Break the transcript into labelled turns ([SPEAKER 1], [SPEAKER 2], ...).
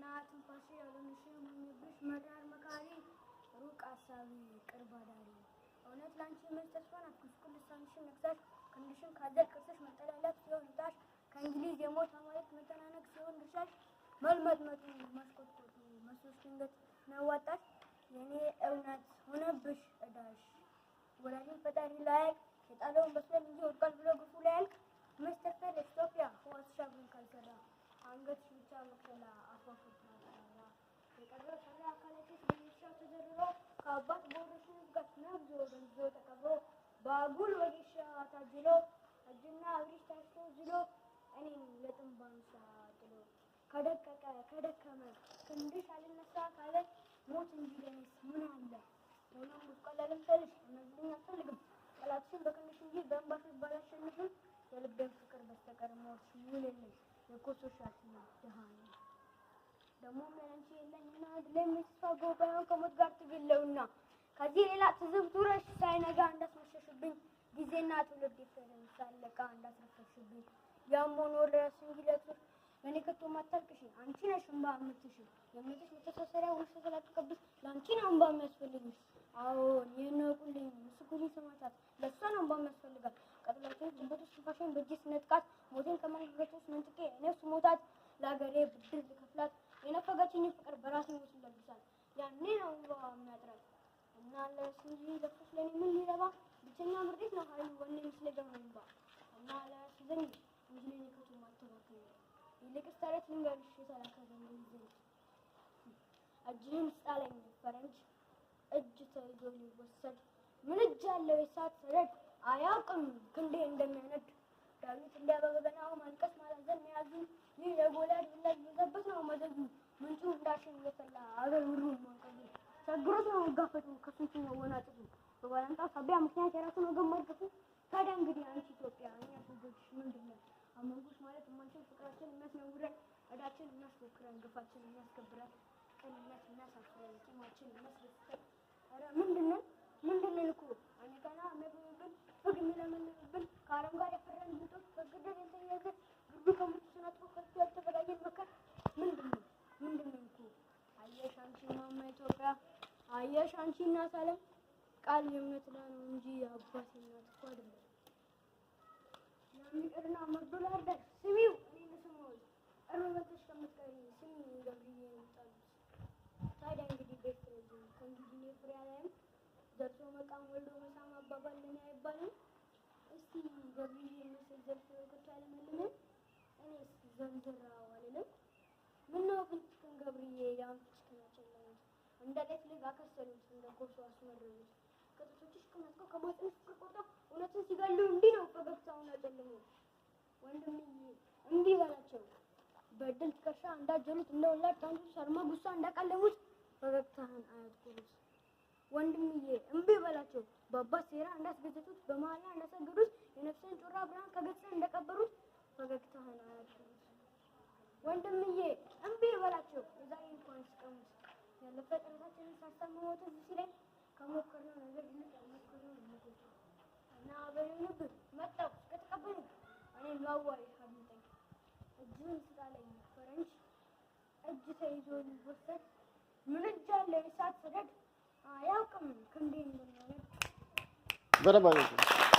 [SPEAKER 1] እና ትንፋሽ ያልሆንሽ የሚሆንብሽ መዳር መካሪ ሩቅ አሳቢ ቅርብ አዳሪ እውነት ለአንቺ መች ተስፋን አትንፍቁ ልሳንሽን ነግሳሽ ክንድሽን ካዘር ቅርሰሽ መጠላለፍ ሲሆን ከእንግሊዝ የሞት አማየት መጨናነቅ ሲሆን መልመጥመጡ መስኮትኮቱ መስሎሽ ድንገት መዋጣሽ የኔ እውነት ሆነብሽ እዳሽ ወላጅን ፈጣሪ ላያቅ የጣለውን በስለን እንጂ ወድቋል ብሎ ግፉ ላያልቅ ኢትዮጵያ በአጉል ወጌሻ ታጅሎ እጅና እግርሽ ታሽቶ ዝሎ እኔም ለጥንብ አንሳ ጥሎ ከደቀቀ ከደከመ ክንድሽ አልነሳ ካለ ሞት እንጂ ለእኔስ ምን አለ ሆኖም ብቆላ ልምሰልሽ እነዚህም አያስፈልግም ጠላትሽን በክንሽ እንጂ በእንባሽ ባላሸንፍም የልቤን ፍቅር በስተቀር ሞት ይውልልኝ የኮሶሻት ድሃ ነው ደግሞ ምንንቺ የለኝና ድለኝ ተስፋ ጎባያን ከሞት ጋር ትግለውና ከዚህ ሌላ ትዝብት ውረሽ ሳይነጋ እንዳትመሽ ጊዜና ትውልድ የተሳለቀ አንድ አትረፈሽብኝ ያም ሆኖ ለራስን ይለጥፍ እኔ ከቶ ማታልቅሽ አንቺ ነሽ እንባ የምትሽ የምትሽ መተሳሰሪያ ውስጥ ስላልተቀብሽ ለአንቺ ነው እንባ የሚያስፈልግሽ። አዎ የነቁልኝ ምስኩሪ ስማታት ለእሷ ነው እንባ የሚያስፈልጋል። ቀጥላቸው ድንበቶች ሽፋሽን በእጅ ስነጥቃት ሞቴን ከማንግረቶች መንጥቄ እኔ ስሞታት ለሀገሬ ብድር ልከፍላት የነፈገችኝ ፍቅር በራሴ እና ለእሱ ለብሶች ለኔ ምን ሊረባ ብቸኛ ምርጤት ነው ሀይሉ ወኔ ምስለ ገመንባ እና ለእሱ ዘንድ ምስለኝ ከቶም አልተባክነ ይልቅስ ተረት ልንገርሽ የተላከ ዘንድ እጅህን ስጣለኝ ፈረንጅ እጅ ተይዞ ሊወሰድ ምን እጅ አለው የሳት ሰረድ አያውቅም ክንዴ እንደሚያነድ ዳዊት እንዲያበበገናው ችግሮት ነው መጋፈጥ ነው ነው ወናጭ በባላንጣ ሳቢያ ምክንያት የራሱን ወገን መርገፉ። ታዲያ እንግዲህ አንቺ ኢትዮጵያ እኛ ልጆች ምንድን ነው አመንጎች ማለት የማንችል ፍቅራችን የሚያስነውረን ዕዳችን የሚያስሞክረን ግፋችን የሚያስከብረን ቅንነት የሚያሳፍረን ቂማችን የሚያስደስተን ገባሽ? አንቺ እናት አለም ቃል የእምነት ላይ ነው እንጂ አባት እናት እኮ አይደለም። ይቅርና መርዶላ አለ ስሚው ታዲያ እንግዲህ ቤት ከእንግዲህ ፍሬ ላይም ዘርቶ መቃም ወልዶ መሳም አባባል ለምን አይባልም? እስቲ ገብዬ ምስል ዘርቶ ከተቻለ መልመን እኔ ዘንድራው አልልም። ምነው ግን ገብርዬ ያንቺ እንደ ሌት ልጅ አከሰሉት፣ እንደ ኮሶ አስመረሩት። ከጥቶችሽ ከመጥቆ ከማጥንሽ ቆርቆጣ እውነትን ሲገሉ እንዲህ ነው ፈገግታውን ያጨልሙ። ወንድም እንቢ በላቸው በድል ትከሻ እንዳጀሉት፣ እንደ ወላድ ታንዱ ሰርማ ጉሳ እንዳቀለሙት ፈገግታህን አያጥቁሩት። ወንድምዬ እምቢ በላቸው በአባት ሴራ እንዳስገዘቱት፣ በመሃላ እንዳሰገዱት፣ የነፍሰን ጮራ ብርሃን ከገጽ እንደቀበሩት ፈገግታህን አያጥቁሩት። ወንድምዬ እምቢ በላቸው የዛሬ እንኳን ስቀሙት ያለበት ራሳችንን ሳሳብ ሲለኝ ከሞከርነው ነገር ይልቅ ያልሞከርነው እና በሌሉብን መጣሁ ከተቀበሉ እኔ ላዋይ አምጠኝ ስጣለኝ እጅ ተይዞ ሊወሰድ ምን እጅ አለ ሰደድ አያውቅም ክንዴ እንደሚሆነ
[SPEAKER 2] በደንብ